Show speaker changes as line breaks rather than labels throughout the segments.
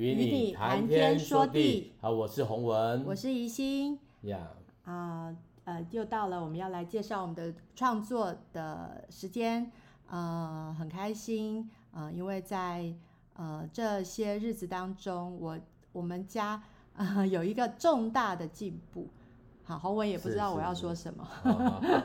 與你談天說地，
好，我是洪文，我是怡心，啊、
yeah. 呃，呃，又到了，我們要來介紹我們的創作的時間，呃，很開心，呃，因為在呃這些日子當中，我我們家啊、呃、有一個重大的進步，好，洪文也不知道我要說什麼，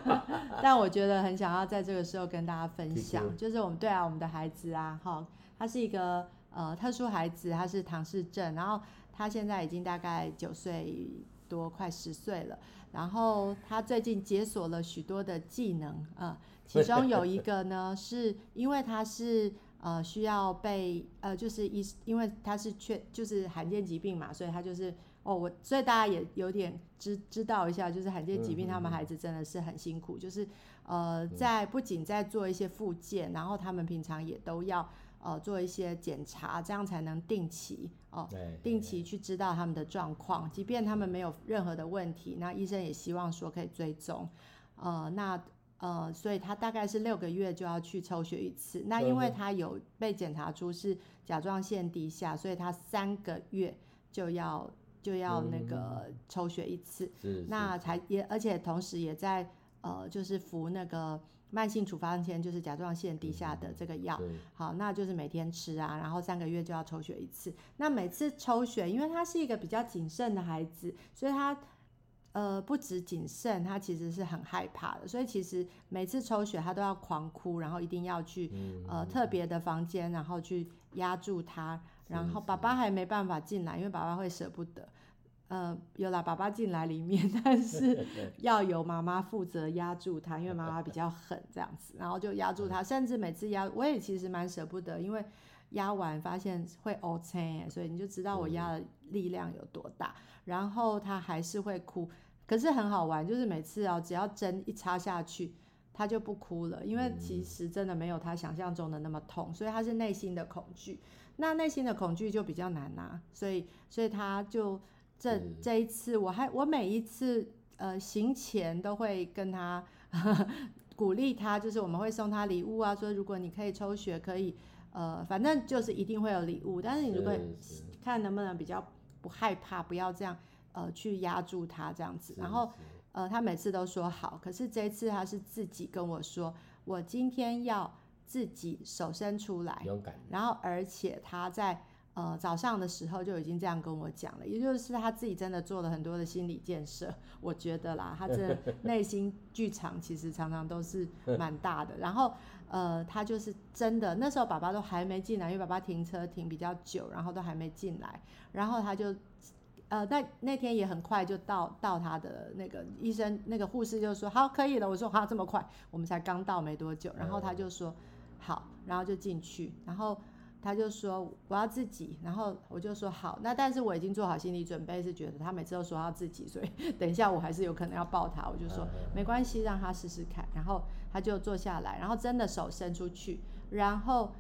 但我覺得很想要在這個時候跟大家分享， 就是我們對啊，我們的孩子啊，哈、哦、他是一個。呃，特殊孩子他是唐氏症，然後他現在已經大概九歲多，快十歲了。然後他最近解鎖了許多的技能啊、呃，其中有一個呢， 是因為他是呃需要被呃就是一，因為他是缺，就是罕見疾病嘛，所以他就是哦，我所以大家也有點知知道一下，就是罕見疾病、嗯、哼哼，他們孩子真的是很辛苦，就是呃在不僅在做一些復健，然後他們平常也都要。呃，做一些檢查，這樣才能定期哦，定期去知道他們的狀況。即便他們沒有任何的問題，那醫生也希望說可以追蹤。呃，那呃，所以他大概是六個月就要去抽血一次。那因為他有被檢查出是甲狀腺低下，所以他三個月就要就要那個抽血一次。那才也，而且同時也在呃，就是服那個。慢性處方簽就是甲狀腺低下的這個藥。嗯，好，那就是每天吃啊，然後三個月就要抽血一次。那每次抽血，因為他是一個比較謹慎的孩子，所以他呃不止謹慎，他其實是很害怕的。所以其實每次抽血，他都要狂哭，然後一定要去，嗯嗯、呃特別的房間，然後去壓住他，然後爸爸還沒辦法進來，因為爸爸會捨不得。呃，有啦，爸爸進來裡面，但是要由媽媽負責壓住他，因為媽媽比較狠這樣子，然後就壓住他，甚至每次壓我也其實蠻捨不得，因為壓完發現會黑青、欸，所以你就知道我壓的力量有多大。然後他還是會哭，可是很好玩，就是每次哦、啊，只要針一插下去，他就不哭了，因為其實真的沒有他想象中的那麼痛，所以他是內心的恐懼，那內心的恐懼就比較難拿。所以所以他就。這這一次，我還我每一次呃行前都會跟他呵呵鼓勵他，就是我們會送他禮物啊，說如果你可以抽血，可以呃，反正就是一定會有禮物。但是你如果看能不能比較不害怕，不要這樣呃去壓住他這樣子。然後呃他每次都說好，可是這一次他是自己跟我說，我今天要自己手伸出來，然後而且他在。呃，早上的時候就已經這樣跟我講了，也就是他自己真的做了很多的心理建設，我覺得啦，他這內心劇場其實常常都是蠻大的。然後，呃，他就是真的，那時候爸爸都還沒進來，因為爸爸停車停比較久，然後都還沒進來。然後他就，呃，但那天也很快就到到他的那個醫生那個護士就說好可以了，我說哈、啊、這麼快，我們才剛到沒多久。然後他就說好，然後就進去，然後。他就說我要自己，然後我就說好。那但是我已經做好心理準備，是覺得他每次都說要自己，所以等一下我還是有可能要抱他。我就說沒關係，讓他試試看。然後他就坐下來，然後真的手伸出去，然後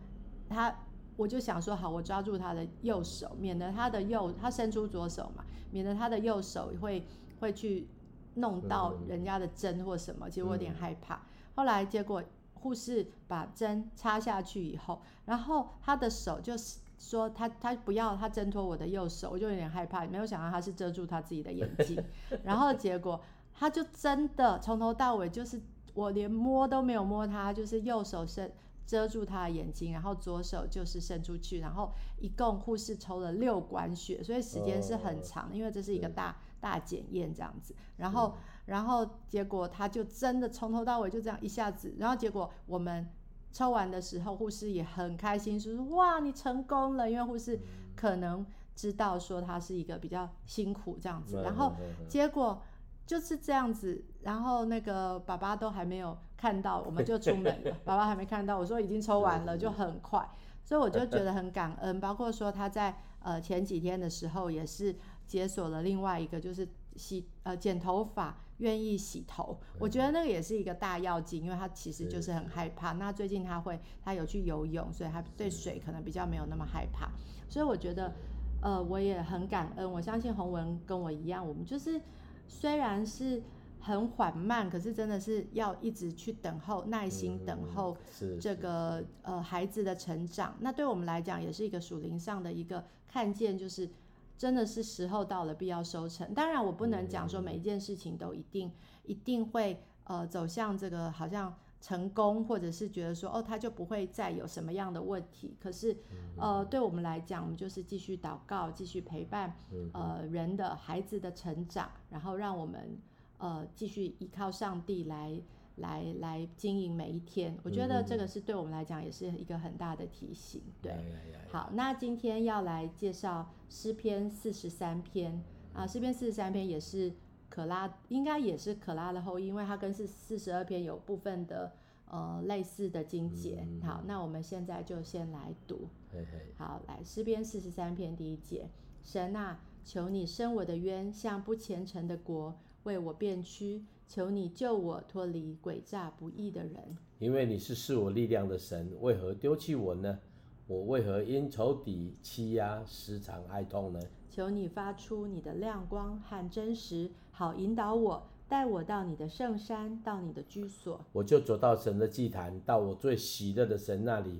他我就想說好，我抓住他的右手，免得他的右他伸出左手嘛，免得他的右手會會去弄到人家的針或什麼。其實我有點害怕。嗯、後來結果。護士把針插下去以後，然後他的手就是說他他不要他掙脫我的右手，我就有點害怕。沒有想到他是遮住他自己的眼睛， 然後結果他就真的從頭到尾就是我連摸都沒有摸他，就是右手伸遮住他的眼睛，然後左手就是伸出去，然後一共護士抽了六管血，所以時間是很長的，哦，因為這是一個大大檢驗這樣子，然後。嗯然後結果他就真的從頭到尾就這樣一下子，然後結果我們抽完的時候，護士也很開心，說：“哇，你成功了。”因為護士可能知道說他是一個比較辛苦這樣子。然後結果就是這樣子，然後那個爸爸都還沒有看到，我們就出門了。爸爸還沒看到，我說已經抽完了，就很快。所以我就覺得很感恩，包括說他在呃前幾天的時候也是解鎖了另外一個，就是洗呃剪頭髮。願意洗頭，我覺得那個也是一個大躍進，因為他其實就是很害怕。是是，那最近他會，他有去游泳，所以他對水可能比較沒有那麼害怕。所以我覺得，呃，我也很感恩。我相信洪文跟我一樣，我們就是雖然是很緩慢，可是真的是要一直去等候，耐心等候這個是是是呃孩子的成長。那對我們來講，也是一個屬靈上的一個看見，就是。真的是時候到了，必要收成。當然，我不能講說每一件事情都一定、mm -hmm. 一定會呃走向這個好像成功，或者是覺得說哦，他就不會再有什麼樣的問題。可是，mm -hmm. 呃，對我們來講，我們就是繼續禱告，繼續陪伴、mm -hmm. 呃人的孩子的成長，然後讓我們呃繼續依靠上帝來。來來經營每一天，我覺得這個是對我們來講也是一個很大的提醒。嗯、對，yeah, yeah, yeah. 好，那今天要來介紹詩篇四十三篇啊，詩篇四十三篇也是可拉，應該也是可拉的後裔，因為它跟四四十二篇有部分的呃類似的經節。Mm -hmm. 好，那我們現在就先來讀。Hey,
hey.
好，來詩篇四十三篇第一節，神啊，求你伸我的冤，向不虔誠的國為我辨屈。求你救我脫離詭詐不義的人，
因為你是賜我力量的神，為何丟棄我呢？我為何因仇敵欺壓，時常哀痛呢？
求你發出你的亮光和真實，好引導我，帶我到你的聖山，到你的居所。
我就走到神的祭壇，到我最喜樂的神那裡。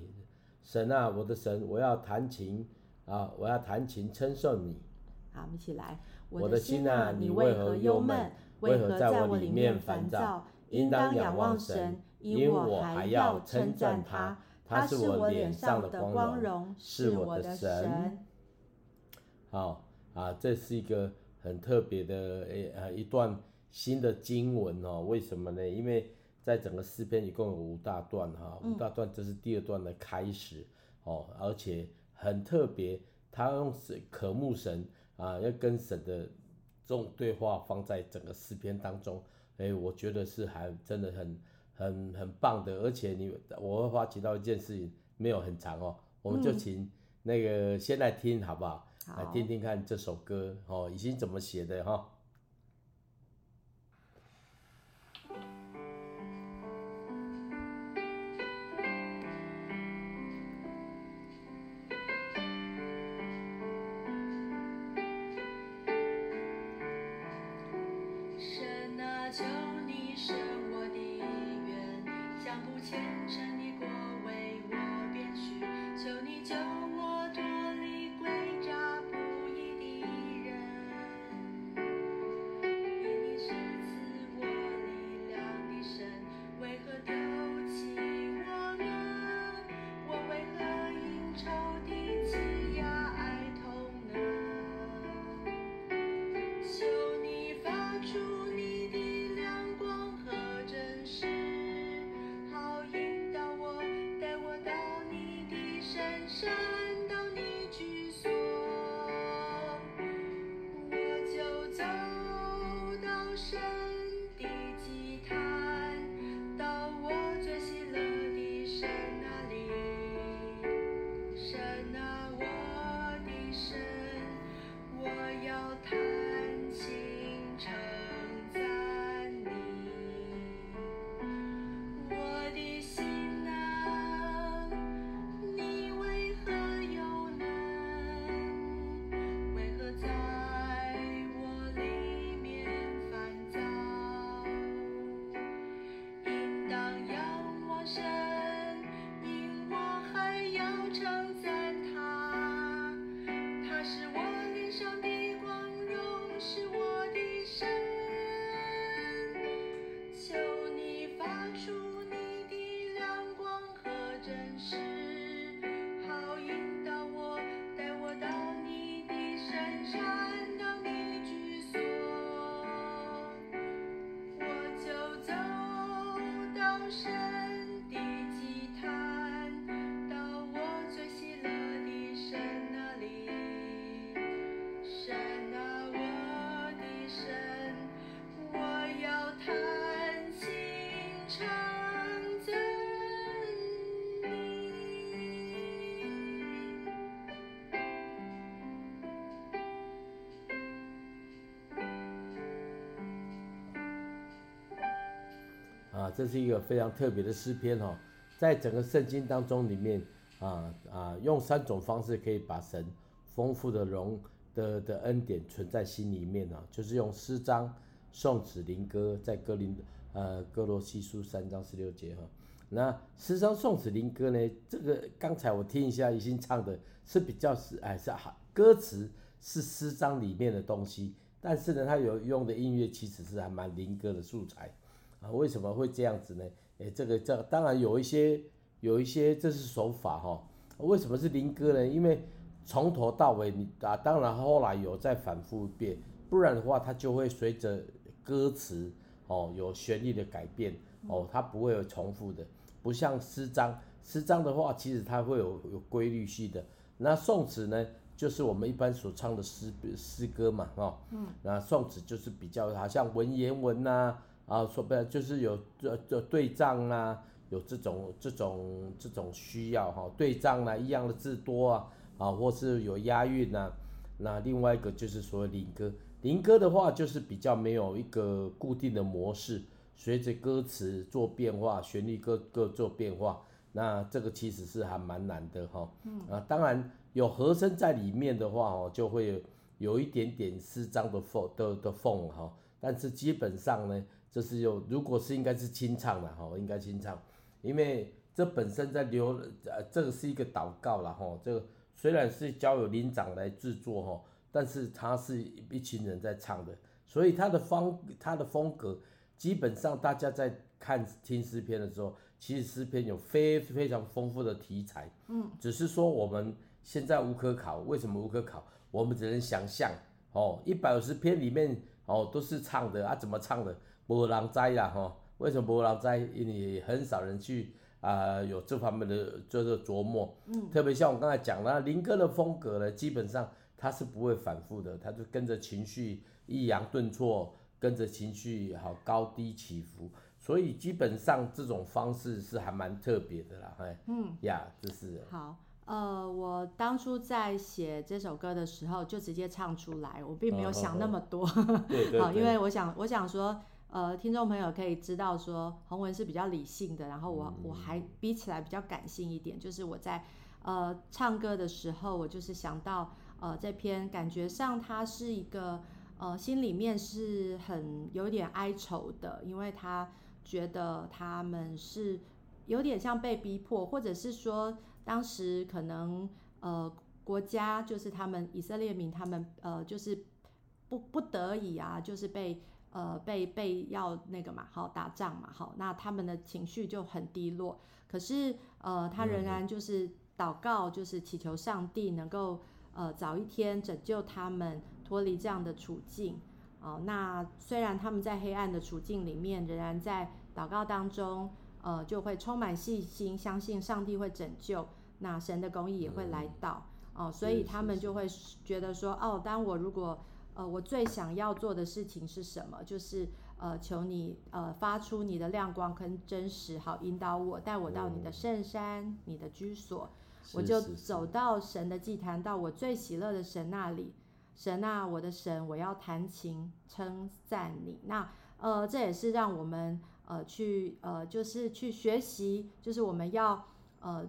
神啊，我的神，我要彈琴啊，我要彈琴稱頌你。
好，我們一起來。我的心啊，心啊，你為何憂悶？為何在我裡面煩躁？
應當仰望神，因為我還要稱讚他。他是我臉上的光榮，是我的神。好啊，這是一個很特別的呃、欸啊、一段新的經文哦。為什麼呢？因為在整個詩篇一共有五大段哈、哦，五大段這是第二段的開始、嗯、哦，而且很特別，他用渴慕神啊，要跟神的。這種對話放在整個詩篇當中，哎、欸，我覺得是還真的很很很棒的。而且你我會發起到一件事情，沒有很長哦、喔，我們就請那個先來聽好不好？嗯、來聽聽看這首歌哦，已經、喔、怎麼寫的哈。喔這是一個非常特別的詩篇哦，在整個聖經當中裡面啊啊，用三種方式可以把神豐富的榮的的恩典存在心裡面啊，就是用詩章、頌詞、靈歌，在哥林呃哥羅西書三章十六節哈、哦。那詩章、頌詞、靈歌呢，這個剛才我聽一下，已經唱的是比較是哎是好歌詞，是詩章裡面的東西，但是呢，他有用的音樂其實是還蠻靈歌的素材。啊，為什麼會這樣子呢？哎，這個這個、當然有一些有一些這是手法哈、哦。為什麼是林歌呢？因為從頭到尾你啊，當然後來有再反複一遍，不然的話它就會隨着歌詞哦有旋律的改變哦，它不會有重複的，不像詩章。詩章的話，其實它會有有規律性的。那宋詞呢，就是我們一般所唱的詩詩歌嘛，哈、哦。嗯。那宋詞就是比較好像文言文啊。啊，說白就是有這這、啊、對仗啊，有這種這種這種需要哈、啊，對仗啊，一樣的字多啊，啊，或是有押韻吶、啊。那另外一個就是說，靈歌，靈歌的話就是比較沒有一個固定的模式，隨着歌詞做變化，旋律各個做變化。那這個其實是還蠻難的哈、啊嗯。啊，當然有和聲在裡面的話哦、啊，就會有一點點四張的縫的的縫哈。但是基本上呢。這是有，如果是應該是清唱啦，哈、哦，應該清唱，因為這本身在留，呃，這個是一個禱告啦，哈、哦。這個雖然是交與伶長來製作哈、哦，但是它是一群人在唱的，所以它的方、它的風格，基本上大家在看聽詩篇的時候，其實詩篇有非常非常豐富的題材，嗯，只是說我們現在無可考，為什麼無可考？我們只能想象哦，一百五十篇裡面哦都是唱的啊，怎麼唱的？沒人知啦，哈，為什麼沒人知？因為很少人去啊、呃，有這方面的就這個琢磨。嗯。特別像我剛才講了，林哥的風格呢，基本上他是不會反覆的，他就跟着情緒抑揚頓挫，跟着情緒好高低起伏，所以基本上這種方式是還蠻特別的啦，哎。嗯。呀，就是。
好，呃，我當初在寫這首歌的時候，就直接唱出來，我並沒有想那麼多。哦哦對對，對。啊，因為我想，我想說。呃，聽眾朋友可以知道說，洪文是比較理性的，然後我我還比起來比較感性一點，嗯，就是我在呃唱歌的時候，我就是想到呃這篇，感覺上他是一個呃心裡面是很有點哀愁的，因為他覺得他們是有點像被逼迫，或者是說當時可能呃國家就是他們以色列民他們呃就是不不得已啊，就是被。呃，被被要那個嘛，好打仗嘛，好，那他們的情緒就很低落。可是，呃，他仍然就是禱告，就是祈求上帝能夠，呃，早一天拯救他們脫離這樣的處境。哦、呃，那雖然他們在黑暗的處境裡面，仍然在禱告當中，呃，就會充滿信心，相信上帝會拯救。那神的公義也會來到。哦、嗯呃，所以他們就會覺得說，是是是哦，當我如果。呃，我最想要做的事情是什麼？就是呃，求你呃，發出你的亮光跟真實，好引導我，帶我到你的聖山、哦、你的居所是是是。我就走到神的祭壇，到我最喜樂的神那裡。神啊，我的神，我要彈琴稱讚你。那呃，這也是讓我們呃去呃，就是去學習，就是我們要呃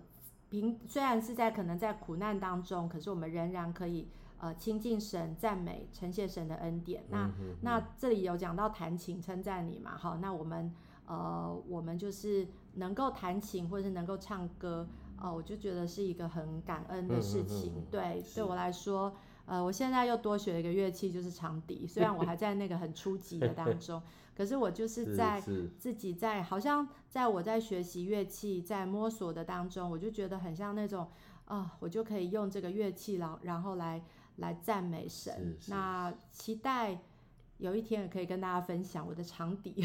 平，雖然是在可能在苦難當中，可是我們仍然可以。呃，親近神，讚美，呈現神的恩典。嗯、哼哼那那這裡有講到彈琴稱讚你嘛。好，那我們呃，我們就是能夠彈琴，或者是能夠唱歌哦，呃，我就覺得是一個很感恩的事情。嗯、哼哼對，對我來說，呃，我現在又多學了一個樂器，就是長笛。雖然我還在那個很初級的當中， 可是我就是在自己在好像在我在學習樂器，在摸索的當中，我就覺得很像那種啊，呃，我就可以用這個樂器了，然後來。來讚美神，那期待有一天也可以跟大家分享我的長笛。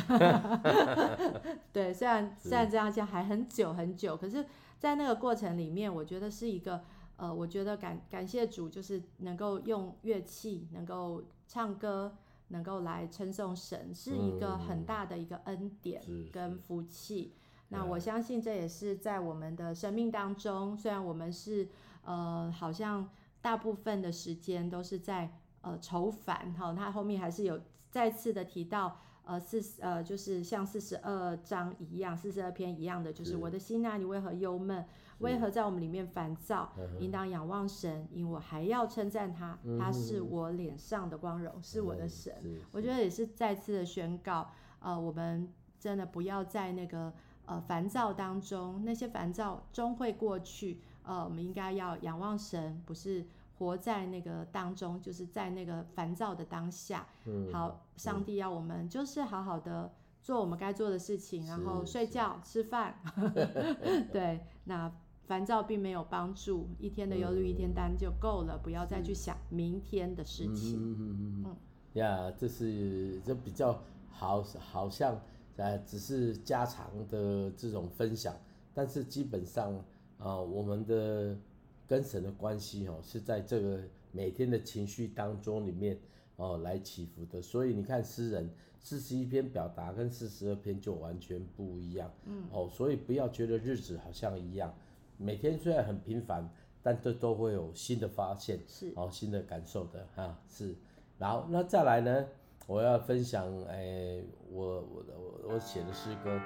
對，雖然雖然這樣講還很久很久，可是在那個過程裡面，我覺得是一個呃，我覺得感感謝主，就是能夠用樂器，能夠唱歌，能夠來稱頌神，是一個很大的一個恩典跟福氣、嗯。那我相信這也是在我們的生命當中，雖然我們是呃，好像。大部分的時間都是在呃愁煩哈，他後面還是有再次的提到呃四十呃就是像四十二章一樣，四十二篇一樣的，就是我的心啊，你為何憂悶？為何在我們裡面煩躁？應當仰望神，因我還要稱讚他，他、嗯、是我臉上的光榮、嗯，是我的神、嗯是是。我覺得也是再次的宣告，呃，我們真的不要在那個呃煩躁當中，那些煩躁終會過去。呃，我們應該要仰望神，不是活在那個當中，就是在那個煩躁的當下、嗯。好，上帝要我們就是好好的做我們該做的事情，然後睡覺、吃飯。 對，那煩躁並沒有幫助，一天的憂慮一天擔就夠了、嗯，不要再去想明天的事情。嗯嗯嗯嗯。嗯。
呀、Yeah，這是這比較好好像，呃，只是家常的這種分享，但是基本上。啊、哦，我們的跟神的關係哦，是在這個每天的情緒當中裡面哦來起伏的，所以你看詩人四十一篇表達跟四十二篇就完全不一樣，嗯，哦，所以不要覺得日子好像一樣，每天雖然很平凡，但都都會有新的發現，是哦，新的感受的哈，是，然後那再來呢，我要分享誒，我我我我寫的詩歌，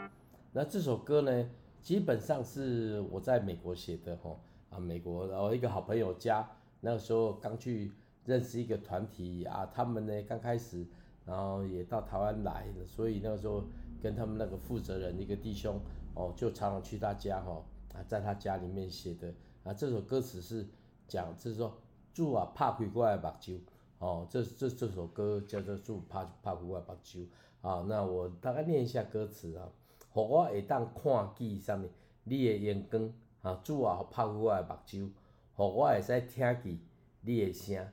那這首歌呢？基本上是我在美國寫的吼，啊，美國然後、哦、一個好朋友家，那個時候剛去認識一個團體啊，他們呢剛開始，然後也到台灣來，所以那個時候跟他們那個負責人一個弟兄，哦，就常常去他家吼，啊，在他家裡面寫的，啊，這首歌詞是講，就是說，主啊打開我的目睭，哦，這這這首歌叫做主啊打打開我的目睭，啊，那我大概念一下歌詞啊。互我會當看見啥物，你嘅眼光，嚇，主啊，拍開我誒目睭，互我會使聽見你誒聲，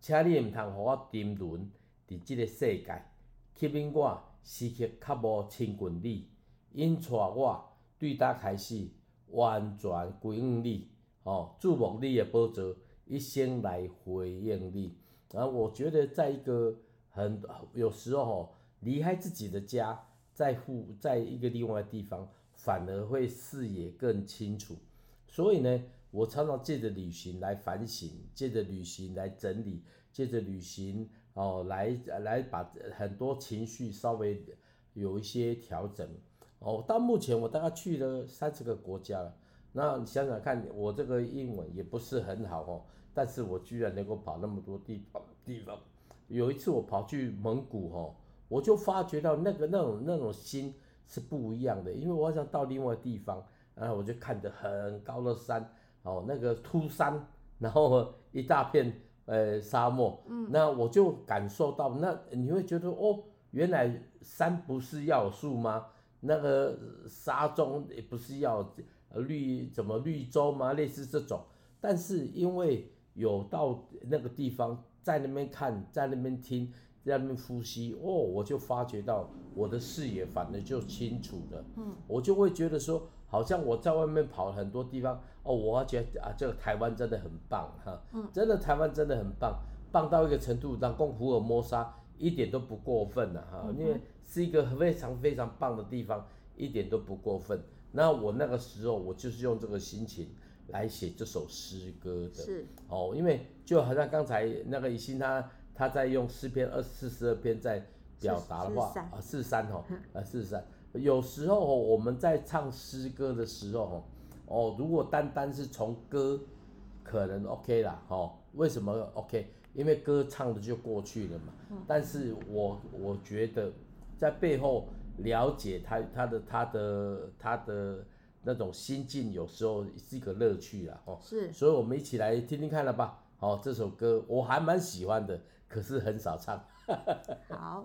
請你毋通互我沉淪佇即個世界，吸引我，時刻較無親近你，因帶我，對叨開始完全回於你，吼，注目你誒，步驟，一生來回應你。然、啊、後我覺得在一個很有時候離、喔、開自己的家。在乎，在一個另外的地方，反而會視野更清楚。所以呢，我常常借着旅行來反省，借着旅行來整理，借着旅行哦來來把很多情緒稍微有一些調整。哦，到目前我大概去了三十個國家了。那你想想看，我這個英文也不是很好哦，但是我居然能夠跑那麼多地方地方。有一次我跑去蒙古哦。我就發覺到那個那種那種心是不一樣的，因為我想到另外地方，然後我就看着很高的山，哦，那個禿山，然後一大片呃沙漠。嗯，那我就感受到，那你會覺得哦，原來山不是要樹嗎？那個沙中也不是要綠怎麼綠洲嗎？類似這種，但是因為有到那個地方，在那邊看，在那邊聽。在那邊呼吸哦，我就發覺到我的視野反而就清楚了，嗯，我就會覺得說，好像我在外面跑很多地方哦，我覺得啊，這個台灣真的很棒哈，嗯，真的台灣真的很棒，棒到一個程度，讓功福爾摩沙一點都不過分了、啊、哈、嗯，因為是一個非常非常棒的地方，一點都不過分。那我那個時候，我就是用這個心情來寫這首詩歌的，哦，因為就好像剛才那個李心他。他在用詩篇二四十二篇在表達的話啊、呃，四三吼啊、哦嗯呃，四三。有時候、哦、我們在唱詩歌的時候哦，哦，如果單單是從歌，可能 OK 啦，吼、哦，為什麼 OK？因為歌唱的就過去了嘛。嗯、但是我我覺得在背後了解他他的他的他的，他的那種心境，有時候是一個樂趣啦，吼、哦。是。所以我們一起來聽聽看了吧。好、哦，這首歌我還蠻喜歡的。可是很少唱。
好。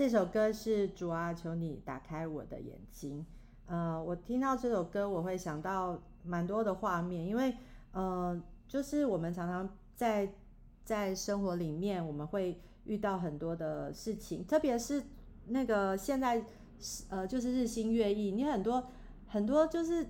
這
首歌是主啊，求你打開我的眼睛。呃，我聽到這首歌，我會想到蠻多的畫面，因為呃，就是我們常常在在生活裡面，我們會遇到很多的事情，特別是那個現在呃，就是日新月異，你很多很多就是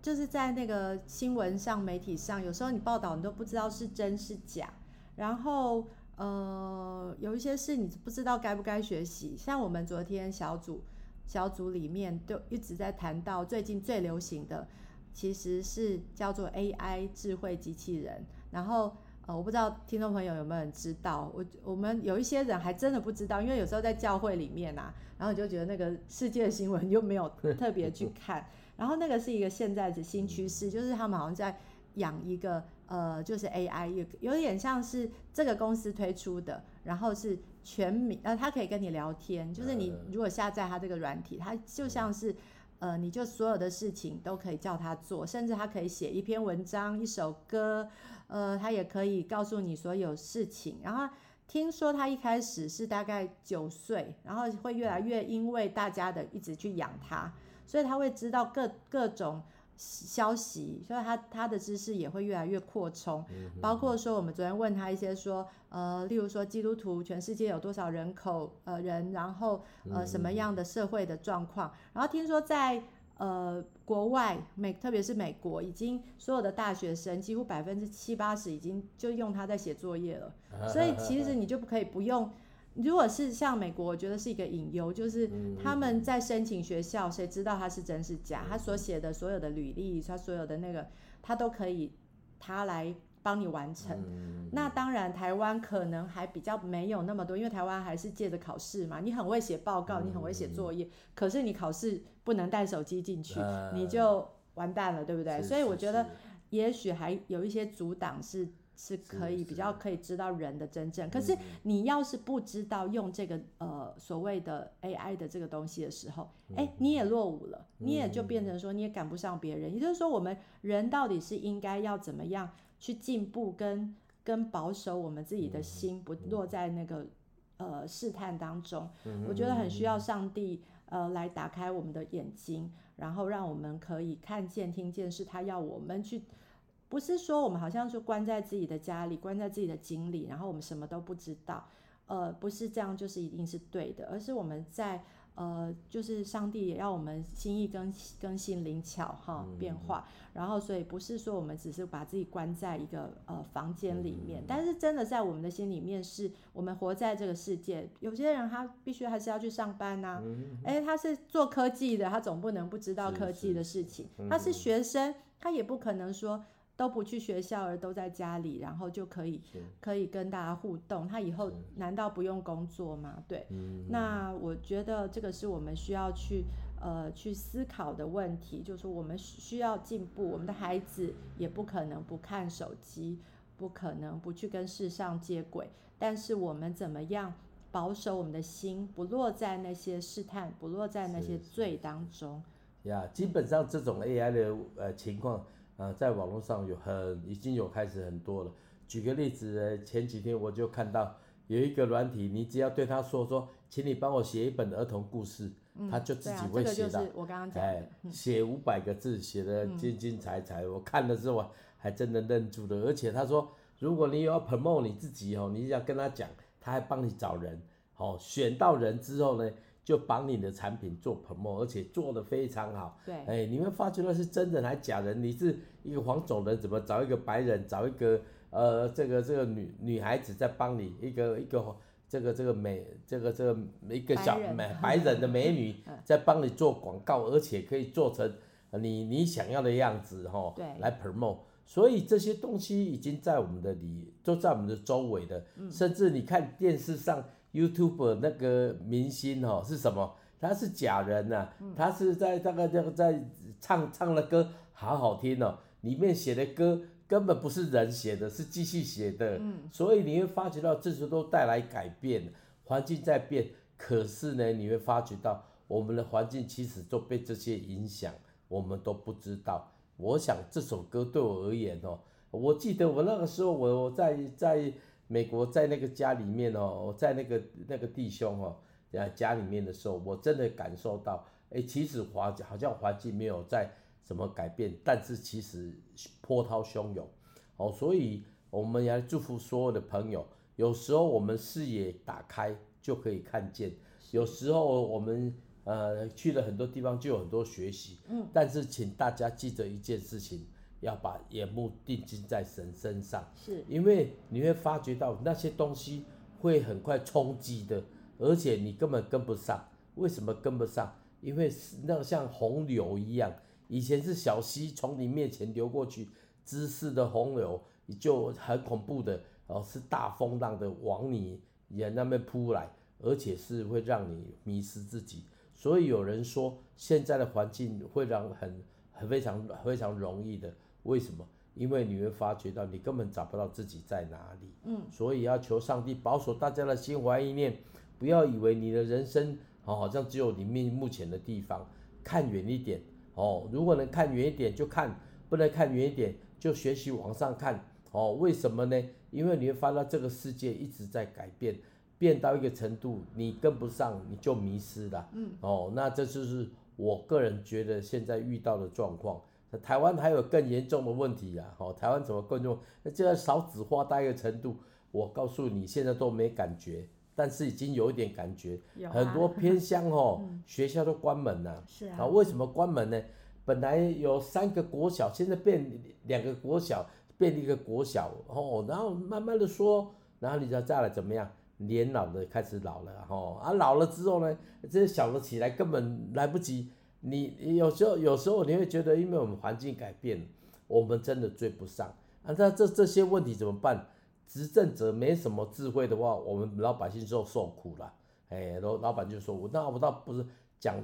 就是在那個新聞上、媒體上，有時候你報道你都不知道是真是假，然後。呃，有一些事你不知道該不該學習，像我們昨天小組小組裡面就一直在談到，最近最流行的其實是叫做 AI 智慧機器人。然後呃，我不知道聽眾朋友有沒有人知道，我我們有一些人還真的不知道，因為有時候在教會裡面啊，然後你就覺得那個世界新聞又沒有特別去看，然後那個是一個現在的新趨勢，就是他們好像在養一個。呃，就是 AI 有有點像是這個公司推出的，然後是全民，呃，他可以跟你聊天，就是你如果下載他這個軟體，他就像是，呃，你就所有的事情都可以叫他做，甚至他可以寫一篇文章、一首歌，呃，他也可以告訴你所有事情。然後聽說他一開始是大概九歲，然後會越來越，因為大家的一直去養他，所以他會知道各各種消息，所以他他的知識也會越來越擴充，嗯，包括說我們昨天問他一些說，呃，例如說基督徒全世界有多少人口，呃人，然後呃什麼樣的社會的狀況，嗯，然後聽說在呃國外美，特別是美國，已經所有的大學生幾乎百分之七八十已經就用它在寫作業了， 所以其實你就不可以不用。如果是像美國，我覺得是一個隱憂，就是他們在申請學校，誰知道他是真是假？他所寫的所有的履歷，他所有的那個，他都可以他來幫你完成。那當然，台灣可能還比較沒有那麼多，因為台灣還是借着考試嘛。你很會寫報告，你很會寫作業，可是你考試不能帶手機進去，你就完蛋了，對不對？所以我覺得，也許還有一些阻擋是。是可以比較可以知道人的真正，可是你要是不知道用這個呃所謂的 AI 的這個東西的時候，哎，你也落伍了，你也就變成說你也趕不上別人。也就是說，我們人到底是應該要怎麼樣去進步跟跟保守我們自己的心，不落在那個呃試探當中？
我覺得很需要
上帝呃來打開我們的眼睛，然後讓我們可以看見、聽見，是他要我們去。不是說我們好像就關在自己的家裡，關在自己的井裡，然後我們什麼都不知道，呃，不是這樣，就是一定是對的，而是我們在呃，就是上帝也要我們心意更更新靈巧哈，變化。然後所以不是說我們只是把自己關在一個呃房間裡面，但是真的在我們的心裡面是，是我們活在這個世界。有些人他必須還是要去上班吶、啊，哎，他是做科技的，他總不能不知道科技的事情。他是學生，他也不可能說。都不去學校，而都在家裡，然後就可以可以跟大家互動。他以後難道不用工作嗎？對，嗯，那我覺得這個是我們需要去呃去思考的問題，就是我們需要進步，我們的孩子也不可能不看手機，不可能不去跟世上接軌。但是我們怎麼樣保守我們的心，不落在那些試探，不落在那些罪當中？
呀，基本上這種 AI 的呃情況。啊、在網絡上有很已經有開始很多了。舉個例子，前幾天我就看到有一個軟體，你只要對他說說，請你幫我寫一本兒童故事，他、嗯、就自己會寫，啊這個，的。哎，寫五百個字，寫得精精彩彩。嗯、我看了之後還真的愣住了。而且他說，如果你要 promote 你自己哦，你要跟他講，他還幫你找人。哦，選到人之後呢？就把你的產品做 promote，而且做得非常好。對。哎、欸，你們發覺那是真的還假人？你是一個黃種人，怎麼找一個白人，找一個呃，這個這個女女孩子在幫你一個一個這個這個美這個這個一個小白美白人的美女在幫你做廣告，而且可以做成你你想要的樣子吼，對。來 promote，所以這些東西已經在我們的裡，都在我們的周圍的、嗯，甚至你看電視上。YouTube 那個明星哦、喔，是什麼？他是假人吶、啊，他是在那個那個在唱唱的歌好好聽哦、喔，裡面寫的歌根本不是人寫的，是機器寫的。所以你會發覺到這些都帶來改變，環境在變。可是呢，你會發覺到我們的環境其實都被這些影響，我們都不知道。我想這首歌對我而言哦、喔，我記得我那個時候我在在，美國在那個家裡面哦，在那個那個弟兄哦，家裡面的時候，我真的感受到，哎、欸，其實環好像環境沒有再怎麼改變，但是其實波濤洶湧，哦，所以我們也祝福所有的朋友。有時候我們視野打開就可以看見，有時候我們呃去了很多地方就有很多學習，嗯，但是請大家記得一件事情。要把眼目定睛在神身上，是因為你會發覺到那些東西會很快衝擊的，而且你根本跟不上。為什麼跟不上？因為那像洪流一樣，以前是小溪從你面前流過去，知識的洪流就很恐怖的，然、呃、是大風浪的往你眼那邊撲來，而且是會讓你迷失自己。所以有人說，現在的環境會讓很，很非常非常容易的。為什麼？因為你會發覺到你根本找不到自己在哪裡。嗯，所以要求上帝保守大家的心懷意念，不要以為你的人生好像只有你面目前的地方。看遠一點哦，如果能看遠一點就看，不能看遠一點就學習往上看哦。為什麼呢？因為你會發現這個世界一直在改變，變到一個程度你跟不上，你就迷失了。嗯，哦，那這就是我個人覺得現在遇到的狀況。台灣還有更嚴重的問題呀！哦，台灣怎麼更重？那這個少子化到一個程度，我告訴你，現在都沒感覺，但是已經有一點感覺，啊、很多偏鄉哦、嗯，學校都關門了、啊嗯。是啊,啊。為什麼關門呢？本來有三個國小，現在變兩個國小，變一個國小哦，然後慢慢的說，然後你知道再來怎麼樣？年老的開始老了哦，啊，老了之後呢，這些小的起來根本來不及。你有時候，有時候你會覺得，因為我們環境改變，我們真的追不上啊！那這這些問題怎麼辦？執政者沒什麼智慧的話，我們老百姓就受苦了。哎，老老闆就說我，那我倒不是講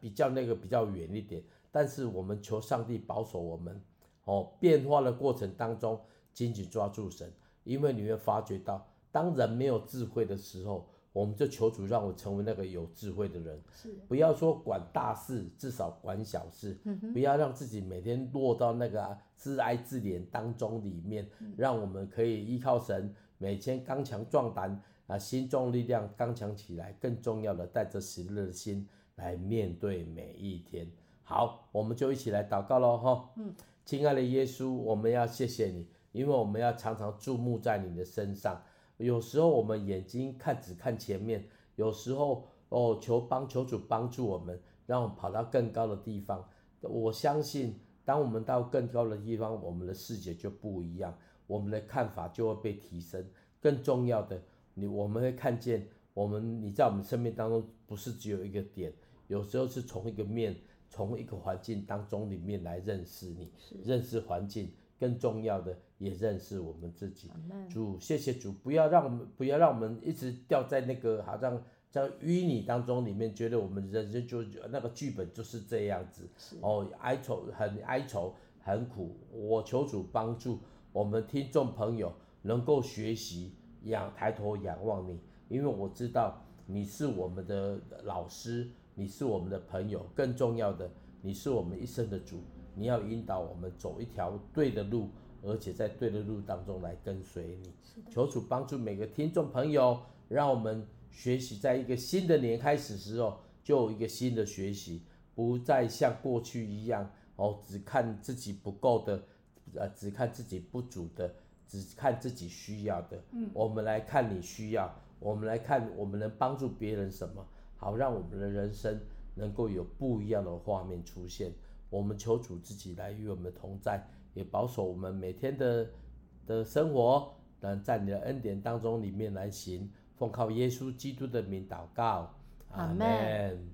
比較那個比較遠一點，但是我們求上帝保守我們哦。變化的過程當中，緊緊抓住神，因為你會發覺到，當人沒有智慧的時候。我們就求主讓我成為那個有智慧的人，不要說管大事，至少管小事，嗯，不要讓自己每天落到那個自哀自憐當中裡面，嗯，讓我們可以依靠神，每天剛強壯膽啊，心中力量剛強起來，更重要的帶着喜樂的心來面對每一天。好，我們就一起來禱告嘍，哈，嗯，親愛的耶穌，我們要謝謝你，因為我們要常常注目在你的身上。有時候我們眼睛，看只看前面，有時候哦，求幫求主幫助我們，讓我們跑到更高的地方。我相信，當我們到更高的地方，我們的視野就不一樣，我們的看法就會被提升。更重要的，你我們會看見我們你在我們生命當中不是只有一個點，有時候是從一個面，從一個環境當中裡面來認識你，認識環境。更重要的，也認識我們自己。主，謝謝主，不要讓我們，不要讓我們一直掉在那個好像在淤泥當中裡面，覺得我們人生就那個劇本就是這樣子。哦，oh, 哀愁，很哀愁，很苦。我求主幫助我們聽眾朋友能夠學習仰抬頭仰望你，因為我知道你是我們的老師，你是我們的朋友，更重要的，你是我們一生的主。你要引導我們走一條對的路，而且在對的路當中來跟隨你。是的。求主幫助每個聽眾朋友，讓我們學習，在一個新的年開始的時候，就有一個新的學習，不再像過去一樣，哦，只看自己不夠的，呃，只看自己不足的，只看自己需要的。嗯。我們來看你需要，我們來看我們能幫助別人什麼，好，讓我們的人生能夠有不一樣的畫面出現。我們求主自己來與我們同在，也保守我們每天的的生活，那在你的恩典當中裡面來行，奉靠耶穌基督的名禱告，
阿門。